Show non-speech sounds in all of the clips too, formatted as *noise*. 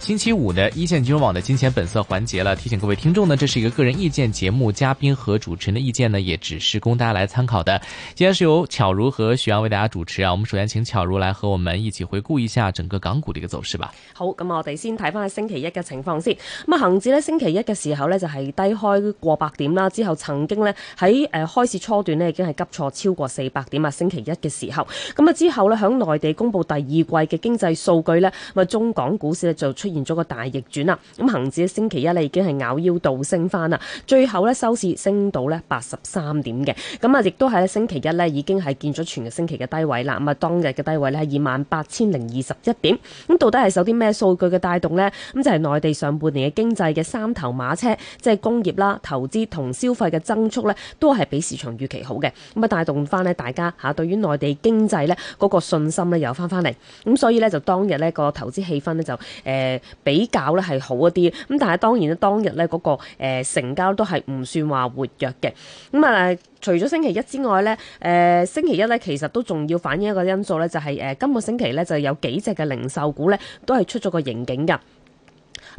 星期五的一綫金融網的金錢本色環節了，提醒各位聽眾呢，這是一個個人意見節目，嘉賓和主持人的意見呢，也只是供大家來參考的。今天是由巧如和徐洋為大家主持啊。我們首先請巧如來和我們一起回顧一下整個港股的一個走勢吧。好，咁我哋先睇翻喺星期一嘅情況先。咁啊，恒指呢，星期一嘅時候呢，就係低開過百點啦，之後曾經呢，喺誒開市初段呢，已經係急挫超過四百點啊。星期一嘅時候，咁啊之後呢，響內地公布第二季嘅經濟數據呢，咁啊中港股市呢，就出出現咗個大逆轉啦！咁恆指星期一咧已經係咬腰度升翻啦，最後咧收市升到咧八十三點嘅。咁啊，亦都喺星期一咧已經係見咗全日星期嘅低位啦。咁啊，當日嘅低位咧係二萬八千零二十一點。咁到底係受啲咩數據嘅帶動呢？咁就係、是、內地上半年嘅經濟嘅三頭馬車，即係工業啦、投資同消費嘅增速咧，都係比市場預期好嘅。咁啊，帶動翻咧大家嚇對於內地經濟咧嗰個信心咧又翻翻嚟。咁所以咧就當日咧個投資氣氛咧就誒。欸比較咧係好一啲咁，但係當然咧當日咧嗰個誒成交都係唔算話活躍嘅。咁啊。除咗星期一之外咧，誒星期一咧其實都仲要反映一個因素咧，就係誒今個星期咧就有幾隻嘅零售股咧都係出咗個盈警噶。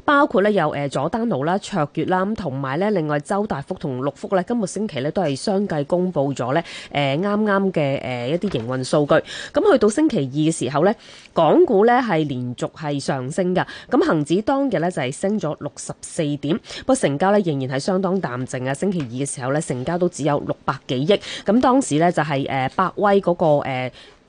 包括咧有誒佐丹奴啦、卓越啦，同埋咧另外周大福同六福咧，今個星期咧都係相繼公布咗咧啱啱嘅一啲營運數據。咁去到星期二嘅時候咧，港股咧係連續係上升㗎。咁恒指當日咧就係升咗六十四點，不過成交咧仍然係相當淡靜啊。星期二嘅時候咧，成交都只有六百幾億。咁當時咧就係誒百威嗰個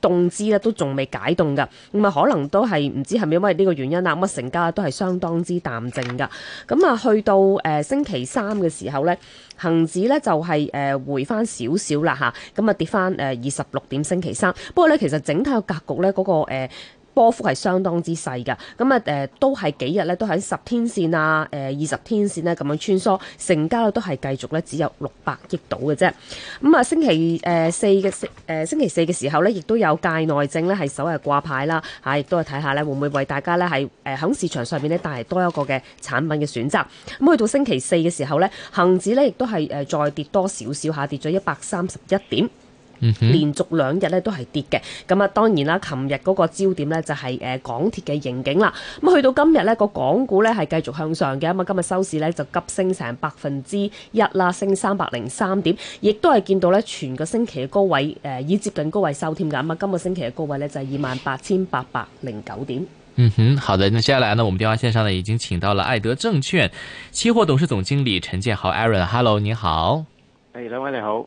凍資咧都仲未解凍噶，咁啊可能都係唔知係咪因為呢個原因啦，咁啊成交都係相當之淡靜噶。咁啊去到誒星期三嘅時候咧，恒指咧就係誒回翻少少啦嚇，咁啊跌翻誒二十六點。點星期三不過咧，其實整體嘅格局咧、那、嗰個誒波幅係相當之細嘅，咁啊都係幾日咧都喺十天線啊二十天線咧咁樣穿梭，成交咧都係繼續咧只有六百億到嘅啫。咁啊星期四嘅星星期四嘅時候咧，亦都有界內證咧係首日掛牌啦，嚇亦都係睇下咧會唔會為大家咧係喺市場上面咧帶嚟多一個嘅產品嘅選擇。咁去到星期四嘅時候咧，恒指咧亦都係再跌多少少下，跌咗一百三十一點。嗯、連續兩日咧都係跌嘅，咁啊當然啦，琴日嗰個焦點呢就係、是、誒、呃、港鐵嘅盈警啦。咁去到今日呢個港股呢係繼續向上嘅，咁啊今日收市呢就急升成百分之一啦，升三百零三點，亦都係見到呢全個星期嘅高位誒，已、呃、接近高位收添噶，咁啊今個星期嘅高位呢就係二萬八千八百零九點。嗯哼，好嘅。那接下來呢，我們電話線上呢已經請到了愛德證券期貨董事總經理陳建豪 Aaron，Hello，你好。誒，兩位你好。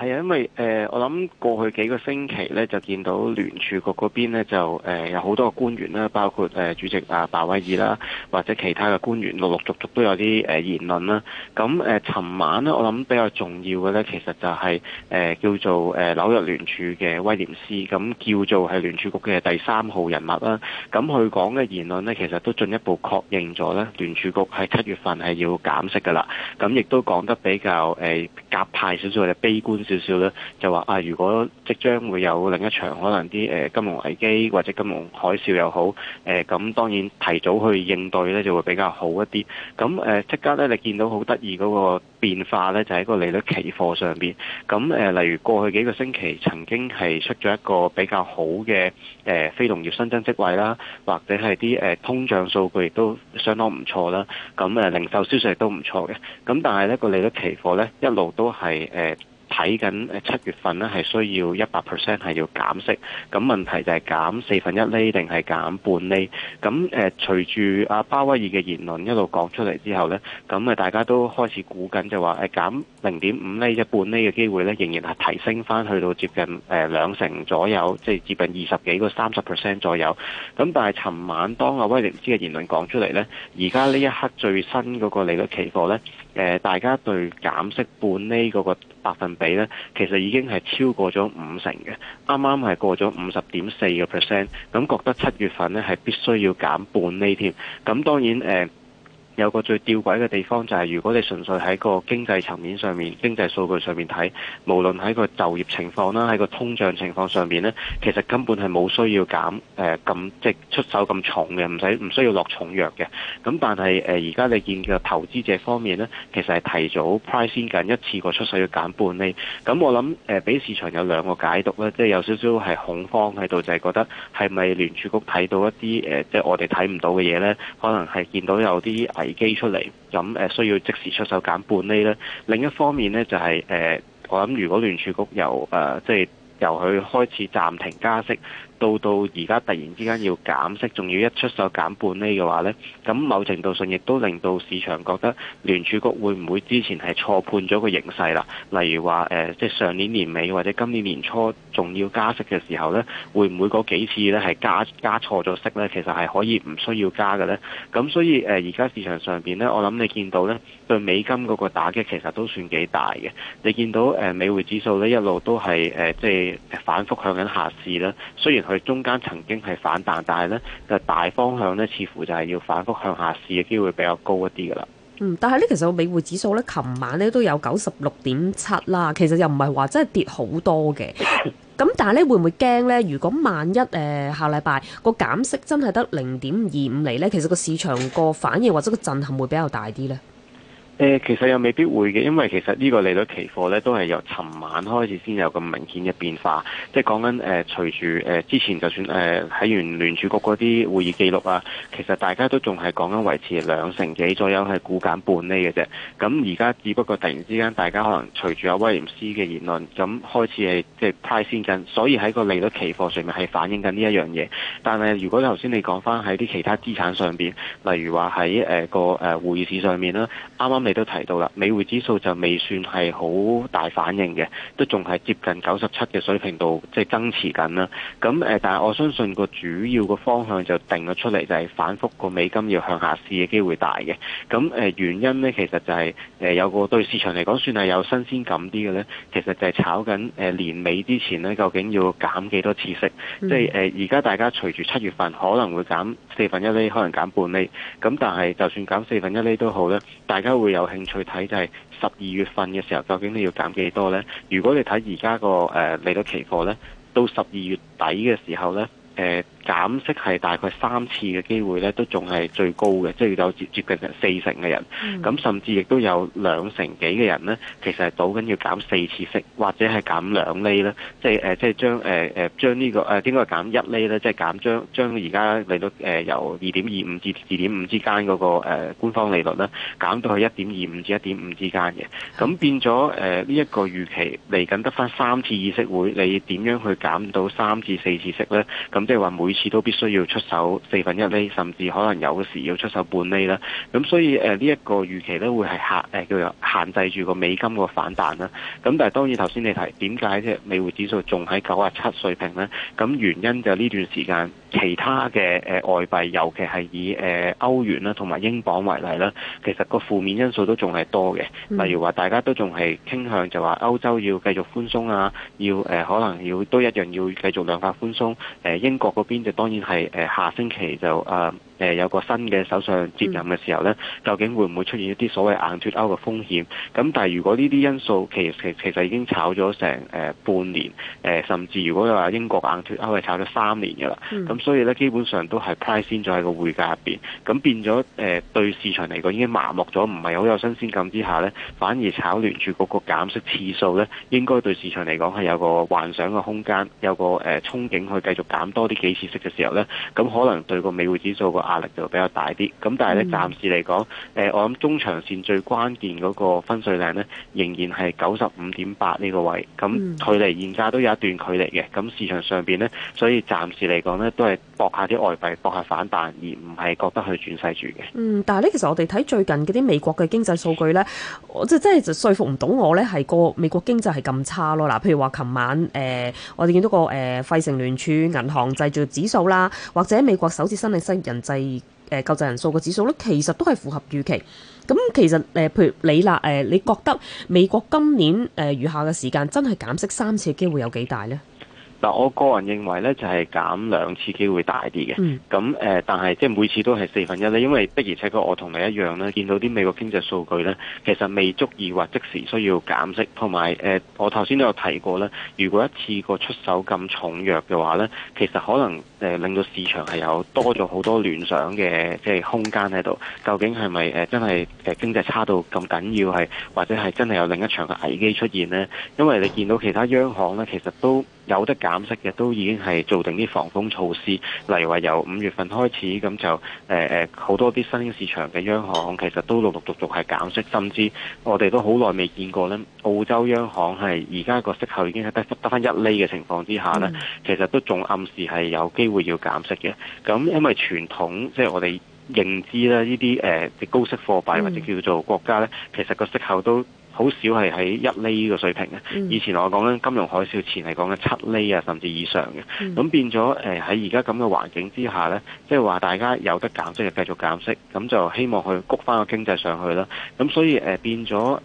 係啊，因為誒、呃，我諗過去幾個星期咧，就見到聯儲局嗰邊咧，就誒、呃、有好多個官員啦，包括、呃、主席啊鮑威爾啦，或者其他嘅官員，陸陸續續都有啲言論啦。咁誒，尋、呃、晚咧，我諗比較重要嘅咧，其實就係、是、誒、呃、叫做誒、呃、紐約聯儲嘅威廉斯，咁叫做係聯儲局嘅第三號人物啦。咁佢講嘅言論咧，其實都進一步確認咗咧，聯儲局係七月份係要減息噶啦。咁亦都講得比較誒夾派少少嘅悲觀。少少咧，就話啊，如果即將會有另一場可能啲誒、呃、金融危機或者金融海嘯又好，誒、呃、咁當然提早去應對咧，就會比較好一啲。咁誒即刻咧，你見到好得意嗰個變化咧，就喺個利率期貨上邊。咁誒、呃，例如過去幾個星期曾經係出咗一個比較好嘅誒、呃、非農業新增職位啦，或者係啲誒通脹數據亦都相當唔錯啦。咁誒、呃、零售銷售亦都唔錯嘅。咁但係呢個利率期貨咧一路都係誒、呃睇緊誒七月份咧，係需要一百 percent 係要減息，咁問題就係減四分一厘定係減半厘。咁誒隨住阿鮑威爾嘅言論一路講出嚟之後咧，咁誒大家都開始估緊就話誒減零點五厘即係半厘嘅機會咧，仍然係提升翻去到接近誒兩成左右，即係接近二十幾個三十 percent 左右。咁但係尋晚當阿威廉斯嘅言論講出嚟咧，而家呢一刻最新嗰個利率期貨咧。誒、呃，大家對減息半厘嗰個百分比呢，其實已經係超過咗五成嘅，啱啱係過咗五十點四個 percent，咁覺得七月份呢係必須要減半厘添，咁當然誒。呃有個最吊詭嘅地方就係，如果你純粹喺個經濟層面上面、經濟數據上面睇，無論喺個就業情況啦，喺個通脹情況上面呢，其實根本係冇需要減誒咁、呃、即係出手咁重嘅，唔使唔需要落重藥嘅。咁但係誒而家你見嘅投資者方面呢，其實係提早 price in 緊一次過出手要減半厘。咁我諗誒，俾市場有兩個解讀咧，即、就、係、是、有少少係恐慌喺度、呃，就係覺得係咪聯儲局睇到一啲誒，即係我哋睇唔到嘅嘢呢，可能係見到有啲危機出嚟，咁誒需要即時出手減半呢？呢另一方面呢，就係、是、誒，我諗如果聯儲局由誒，即、呃、係、就是、由佢開始暫停加息。到到而家突然之間要減息，仲要一出手減半厘嘅話呢，咁某程度上亦都令到市場覺得聯儲局會唔會之前係錯判咗個形勢啦？例如話誒，即係上年年尾或者今年年初仲要加息嘅時候呢，會唔會嗰幾次呢係加加錯咗息呢？其實係可以唔需要加嘅呢。咁所以誒，而家市場上邊呢，我諗你見到呢對美金嗰個打擊其實都算幾大嘅。你見到誒、呃、美匯指數呢一路都係誒即係反覆向緊下市啦。雖然佢中間曾經係反彈，但係呢，嘅大方向呢似乎就係要反覆向下試嘅機會比較高一啲嘅啦。嗯，但係呢，其實個美匯指數呢，琴晚呢都有九十六點七啦。其實又唔係話真係跌好多嘅。咁 *laughs* 但係呢，會唔會驚呢？如果萬一誒、呃、下禮拜個減息真係得零點二五厘呢，其實個市場個反應或者個震撼會比較大啲呢？其實又未必會嘅，因為其實呢個利率期貨咧都係由尋晚開始先有咁明顯嘅變化，即係講緊誒隨住、呃、之前就算喺、呃、美聯儲局嗰啲會議記錄啊，其實大家都仲係講緊維持兩成幾左右係估緊半厘嘅啫。咁而家只不過突然之間，大家可能隨住阿威廉斯嘅言論，咁開始係即係 price 先緊，所以喺個利率期貨上面係反映緊呢一樣嘢。但係如果頭先你講翻喺啲其他資產上面，例如話喺個匯市上面啦，啱啱你都提到啦，美匯指數就未算係好大反應嘅，都仲係接近九十七嘅水平度，即係增持緊啦。咁誒，但係我相信個主要個方向就定咗出嚟，就係反覆個美金要向下試嘅機會大嘅。咁誒，原因呢，其實就係誒有個對市場嚟講算係有新鮮感啲嘅呢。其實就係炒緊誒年尾之前呢，究竟要減幾多次息？即係誒，而家大家隨住七月份可能會減四分一厘，可能減半厘。咁但係就算減四分一厘都好咧，大家會有。有興趣睇就係十二月份嘅時候，究竟你要減幾多咧？如果你睇而家個誒利率期貨咧，到十二月底嘅時候咧，誒、呃。減息係大概三次嘅機會咧，都仲係最高嘅，即係有接接近四成嘅人。咁、嗯、甚至亦都有兩成幾嘅人咧，其實係賭緊要減四次息，或者係減兩厘咧。即係即係將、呃、將呢、呢個誒、呃、應該減一厘咧，即係減將將而家嚟到由二點二五至二點五之間嗰、嗰個、呃、官方利率咧，減到去一點二五至一點五之間嘅。咁變咗呢一個預期嚟緊得返三次議息會，你點樣去減到三至四次息咧？咁即係話每次次都必須要出手四分一厘，甚至可能有時要出手半厘啦。咁所以誒呢一個預期咧，會係限誒叫做限制住個美金個反彈啦。咁但係當然頭先你提點解啫美匯指數仲喺九啊七水平咧？咁原因就係呢段時間。其他嘅誒外幣，尤其係以誒歐元啦，同埋英鎊為例啦，其實個負面因素都仲係多嘅。例如話，大家都仲係傾向就話歐洲要繼續寬鬆啊，要誒可能要都一樣要繼續量化寬鬆。誒英國嗰邊就當然係誒下星期就誒有個新嘅首相接任嘅時候呢，究竟會唔會出現一啲所謂硬脫歐嘅風險？咁但係如果呢啲因素其其其實已經炒咗成誒半年，誒甚至如果話英國硬脫歐係炒咗三年嘅啦，咁所以呢，基本上都係 price in 咗喺個匯價入邊，咁變咗誒對市場嚟講已經麻木咗，唔係好有新鮮感之下呢，反而炒聯住嗰個減息次數呢，應該對市場嚟講係有個幻想嘅空間，有個誒憧憬去繼續減多啲幾次息嘅時候呢，咁可能對個美匯指數個壓力就比較大啲，咁但係呢暫時嚟講，誒我諗中長線最關鍵嗰個分水嶺呢，仍然係九十五點八呢個位，咁距離現價都有一段距離嘅。咁市場上邊呢，所以暫時嚟講呢，都係搏下啲外幣，搏下反彈，而唔係覺得去轉勢住嘅。嗯，但係呢其實我哋睇最近嗰啲美國嘅經濟數據呢，我即係真係就說服唔到我呢，係個美國經濟係咁差咯。嗱，譬如話琴晚誒，我哋見到、嗰個誒、呃、費城聯儲銀行製造指數啦，或者美國首次申請新人際。誒，救濟人數個指數咧，其實都係符合預期。咁其實誒，譬如李娜，誒，你覺得美國今年誒，餘下嘅時間真係減息三次嘅機會有幾大呢？嗱，我個人認為呢，就係減兩次機會大啲嘅。咁誒，但係即係每次都係四分一咧，因為的而且確我同你一樣呢，見到啲美國經濟數據呢，其實未足以或即時需要減息。同埋誒，我頭先都有提過呢，如果一次過出手咁重弱嘅話呢，其實可能令到市場係有多咗好多聯想嘅即係空間喺度。究竟係咪誒真係誒經濟差到咁緊要係，或者係真係有另一場嘅危機出現呢？因為你見到其他央行呢，其實都。有得減息嘅都已經係做定啲防風措施，例如話由五月份開始，咁就誒好，呃、多啲新興市場嘅央行其實都陸陸續續係減息，甚至我哋都好耐未見過呢，澳洲央行係而家個息口已經得得翻一厘嘅情況之下呢，mm. 其實都仲暗示係有機會要減息嘅。咁因為傳統即係、就是、我哋認知呢啲誒高息貨幣，mm. 或者叫做國家呢，其實個息口都。好少係喺一厘呢個水平嘅，以前我講緊金融海嘯前係講緊七厘啊，甚至以上嘅。咁變咗喺而家咁嘅環境之下呢，即係話大家有得減息就繼續減息，咁就希望去谷翻個經濟上去啦。咁所以變咗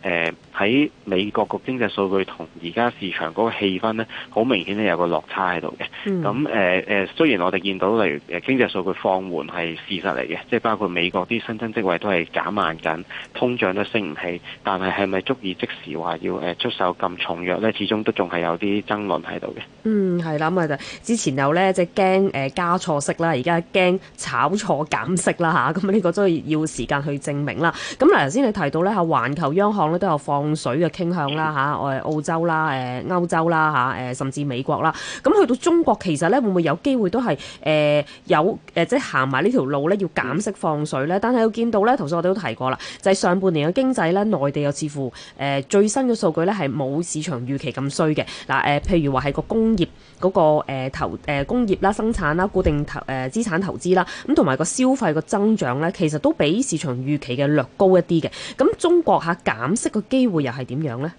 喺美國個經濟數據同而家市場嗰個氣氛呢，好明顯咧有個落差喺度嘅。咁誒雖然我哋見到例如經濟數據放緩係事實嚟嘅，即係包括美國啲新增職位都係減慢緊，通脹都升唔起，但係係咪足？而即時話要誒出手咁重藥咧，始終都仲係有啲爭論喺度嘅。嗯，係啦，咁啊就之前有咧，即係驚誒加錯息啦，而家驚炒錯減息啦嚇，咁呢個都要時間去證明啦。咁嗱，頭先你提到咧嚇，環球央行咧都有放水嘅傾向啦嚇，我係澳洲啦、誒歐洲啦嚇、誒甚至美國啦。咁去到中國，其實咧會唔會有機會都係誒有誒即係行埋呢條路咧，要減息放水咧？但係又見到咧，頭先我哋都提過啦，就係上半年嘅經濟咧，內地又似乎誒最新嘅數據咧係冇市場預期咁衰嘅。嗱誒，譬如話係個工業嗰個誒投誒工業啦、生產啦、固定投誒資產投資啦，咁同埋個消費個增長咧，其實都比市場預期嘅略高一啲嘅。咁中國下減息嘅機會又係點樣咧？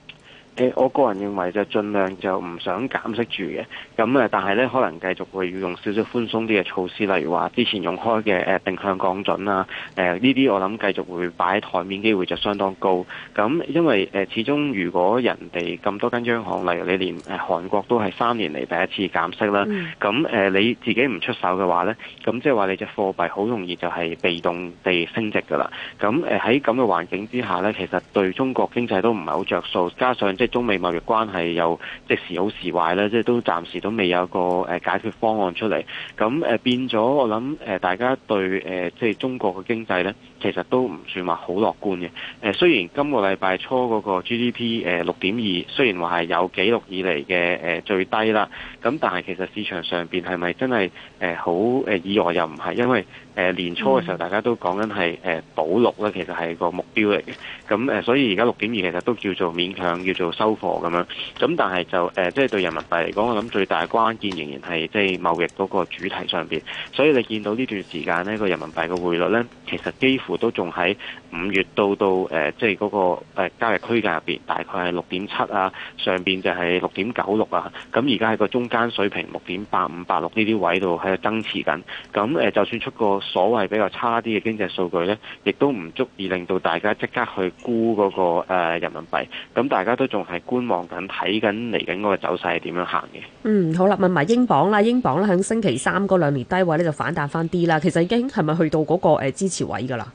誒，我個人認為就盡量就唔想減息住嘅，咁誒，但係咧可能繼續會要用少少寬鬆啲嘅措施，例如話之前用開嘅誒定向降準啊，誒呢啲我諗繼續會擺喺台面機會就相當高。咁因為誒始終如果人哋咁多間央行，例如你連誒韓國都係三年嚟第一次減息啦，咁誒你自己唔出手嘅話咧，咁即係話你隻貨幣好容易就係被動地升值㗎啦。咁誒喺咁嘅環境之下咧，其實對中國經濟都唔係好着數，加上即係中美貿易關係又即時好時壞咧，即係都暫時都未有個誒解決方案出嚟，咁誒變咗我諗誒大家對誒即係中國嘅經濟咧，其實都唔算話好樂觀嘅。誒雖然今個禮拜初嗰個 GDP 誒六點二，雖然話係有紀錄以嚟嘅誒最低啦，咁但係其實市場上邊係咪真係誒好誒意外又唔係，因為，誒年初嘅時候，大家都講緊係誒保六呢其實係個目標嚟嘅。咁誒，所以而家六點二其實都叫做勉強，叫做收貨咁樣。咁但係就誒，即係對人民幣嚟講，我諗最大的關鍵仍然係即係貿易嗰個主題上面。所以你見到呢段時間呢個人民幣嘅匯率呢，其實幾乎都仲喺五月到到誒，即係嗰個交易區間入邊，大概係六點七啊，上面就係六點九六啊。咁而家喺個中間水平六點八五八六呢啲位度喺度增持緊。咁誒就算出個所謂比較差啲嘅經濟數據呢，亦都唔足以令到大家即刻去沽嗰個人民幣。咁大家都仲係觀望緊，睇緊嚟緊嗰個走勢係點樣行嘅。嗯，好啦，問埋英鎊啦，英鎊啦，喺星期三嗰兩年低位呢，就反彈返啲啦。其實已經係咪去到嗰個支持位㗎啦？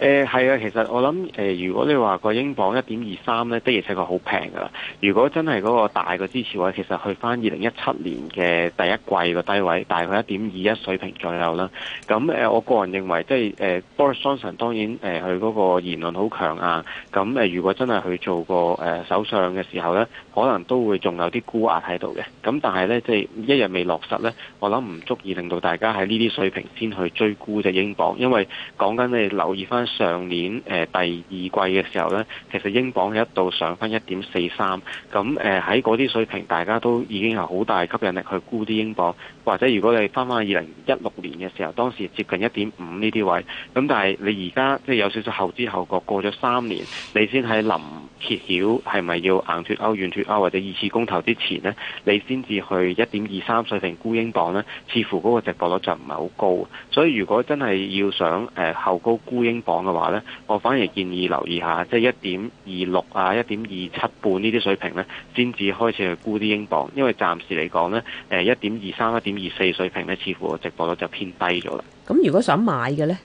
誒係啊，其實我諗誒、呃，如果你話個英鎊一點二三咧，的而且確好平噶啦。如果真係嗰個大個支持位，其實去翻二零一七年嘅第一季個低位，大概一點二一水平左右啦。咁誒、呃，我個人認為，即係誒，Boris Johnson 當然誒，佢、呃、嗰個言論好強硬。咁誒、呃，如果真係去做個誒、呃、首相嘅時候咧，可能都會仲有啲沽壓喺度嘅。咁但係咧，即、就、係、是、一日未落實咧，我諗唔足以令到大家喺呢啲水平先去追沽隻英鎊，因為講緊你留意翻。上年誒、呃、第二季嘅時候呢，其實英鎊一度上翻一點四三，咁誒喺嗰啲水平，大家都已經係好大吸引力去沽啲英鎊，或者如果你翻翻去二零一六年嘅時候，當時接近一點五呢啲位，咁但係你而家即係有少少後知後覺，過咗三年，你先喺臨揭曉係咪要硬脱歐、軟脱歐或者二次公投之前呢，你先至去一點二三水平沽英鎊呢，似乎嗰個值博率就唔係好高，所以如果真係要想誒、呃、後高沽英鎊，嘅話咧，我反而建議留意下，即係一點二六啊，一點二七半呢啲水平咧，先至開始去沽啲英鎊，因為暫時嚟講咧，誒，一點二三、一點二四水平咧，似乎個值度咧就偏低咗啦。咁如果想買嘅咧，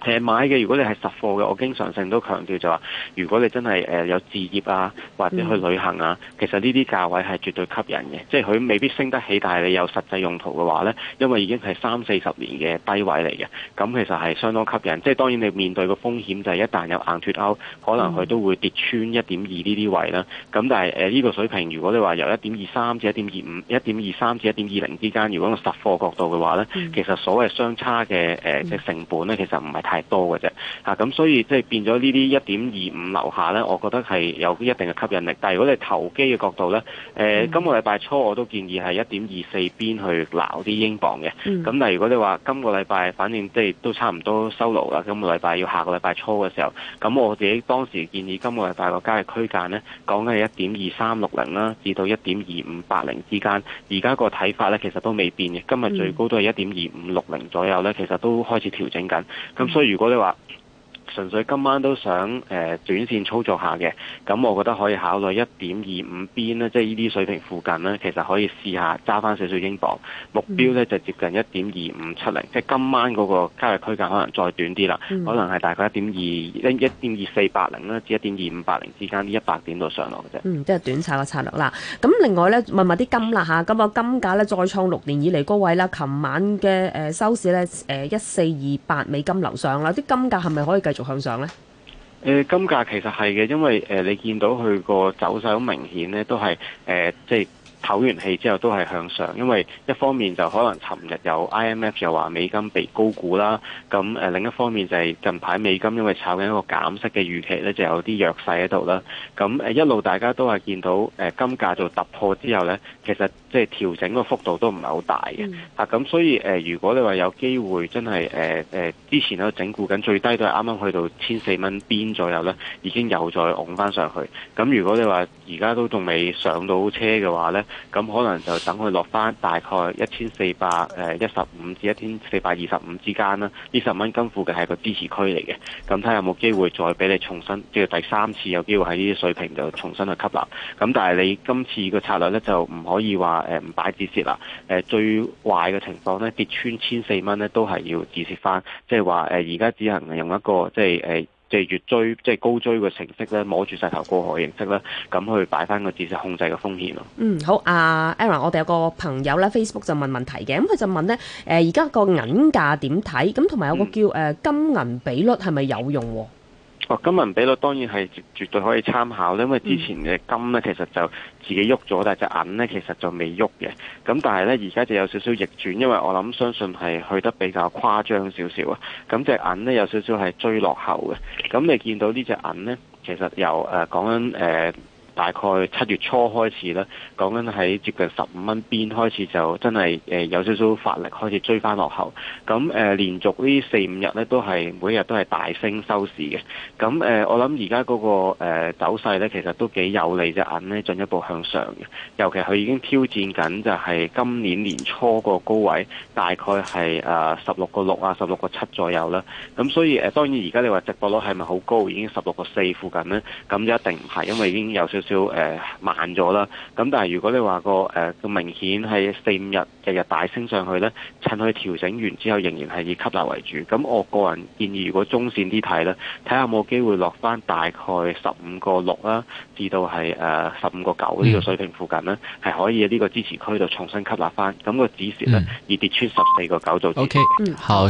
平買嘅，如果你係實貨嘅，我經常性都強調就話，如果你真係誒有置業啊，或者去旅行啊，其實呢啲價位係絕對吸引嘅，即係佢未必升得起，但係你有實際用途嘅話呢，因為已經係三四十年嘅低位嚟嘅，咁其實係相當吸引。即係當然你面對個風險就係一旦有硬脫歐，可能佢都會跌穿一點二呢啲位啦。咁但係誒呢個水平，如果你話由一點二三至一點二五、一點二三至一點二零之間，如果用實貨嘅角度嘅話呢，其實所謂相差嘅誒即成本呢，其實唔係太多嘅啫，咁所以即係變咗呢啲一點二五樓下呢，我覺得係有一定嘅吸引力。但如果你投機嘅角度呢，誒、呃 mm. 今個禮拜初我都建議係一點二四邊去撈啲英鎊嘅。咁、mm. 但如果你話今個禮拜，反正即係都差唔多收爐啦。今個禮拜要下個禮拜初嘅時候，咁我自己當時建議今個禮拜個交易區間呢，講緊係一點二三六零啦，至到一點二五八零之間。而家個睇法呢，其實都未變嘅。今日最高都係一點二五六零左右呢，其實都開始調整緊。咁所以如果你話純粹今晚都想誒短、呃、線操作下嘅，咁我覺得可以考慮一點二五邊呢，即係呢啲水平附近呢，其實可以試下揸翻少少英鎊目標呢就是、接近一點二五七零，即係今晚嗰個交易區間可能再短啲啦，嗯、可能係大概一點二一一點二四八零啦至一點二五八零之間呢，一百點度上落嘅啫。嗯，即係短炒嘅策略啦。咁另外呢，問問啲金啦下，今日金價呢，再創六年以嚟高位啦，琴晚嘅收市呢，誒一四二八美金樓上啦，啲金價係咪可以繼續？向上咧？誒、呃，金價其實係嘅，因為誒、呃，你見到佢個走勢好明顯咧，都係誒、呃，即係。唞完氣之後都係向上，因為一方面就可能尋日有 IMF 又話美金被高估啦，咁另一方面就係近排美金因為炒緊一個減息嘅預期咧，就有啲弱勢喺度啦。咁一路大家都係見到金價做突破之後咧，其實即係調整個幅度都唔係好大嘅嚇。咁所以如果你話有機會真係之前喺度整固緊，最低都係啱啱去到千四蚊邊左右咧，已經又再拱翻上去。咁如果你話而家都仲未上到車嘅話咧，咁可能就等佢落翻大概一千四百一十五至一千四百二十五之間啦，呢十蚊金附近嘅係個支持區嚟嘅。咁睇下有冇機會再俾你重新即係第三次有機會喺呢啲水平就重新去吸納。咁但係你今次個策略呢，就唔可以話唔擺止蝕啦。最壞嘅情況呢，跌穿千四蚊呢都係要止蝕翻，即係話而家只能用一個即係即係越追，即係高追嘅程式咧，摸住石頭過河嘅形式咧，咁去擺翻個止蝕控制嘅風險咯。嗯，好啊，Aaron，我哋有個朋友咧，Facebook 就問問題嘅，咁佢就問咧，誒，而家個銀價點睇？咁同埋有個叫誒，金銀比率係咪有用？嗯哦，金銀比率當然係絕對可以參考，因為之前嘅金呢其實就自己喐咗，但係隻銀呢其實就未喐嘅。咁但係呢，而家就有少少逆轉，因為我諗相信係去得比較誇張少少啊。咁隻銀呢有少少係追落後嘅。咁你見到呢隻銀呢，其實由誒、呃、講緊誒。呃大概七月初開始咧，講緊喺接近十五蚊邊開始就真係有少少發力開始追翻落後。咁誒、呃、連續4，呢四五日咧都係每日都係大升收市嘅。咁誒、呃、我諗而家嗰個、呃、走勢咧其實都幾有利隻銀咧進一步向上嘅。尤其佢已經挑戰緊就係今年年初個高位，大概係誒十六個六啊，十六個七左右啦。咁所以誒當然而家你話值博率係咪好高？已經十六個四附近咧，咁就一定唔係，因為已經有少少。少少誒、呃、慢咗啦，咁但係如果你話個誒個明顯係四五日日日大升上去咧，趁佢調整完之後，仍然係以吸納為主。咁我個人建議，如果中線啲睇咧，睇下有冇機會落翻大概十五個六啦，至到係誒十五個九呢個水平附近咧，係可以喺呢個支持區度重新吸納翻。咁個止蝕咧，以跌穿十四個九做止。O K，好。Okay，嗯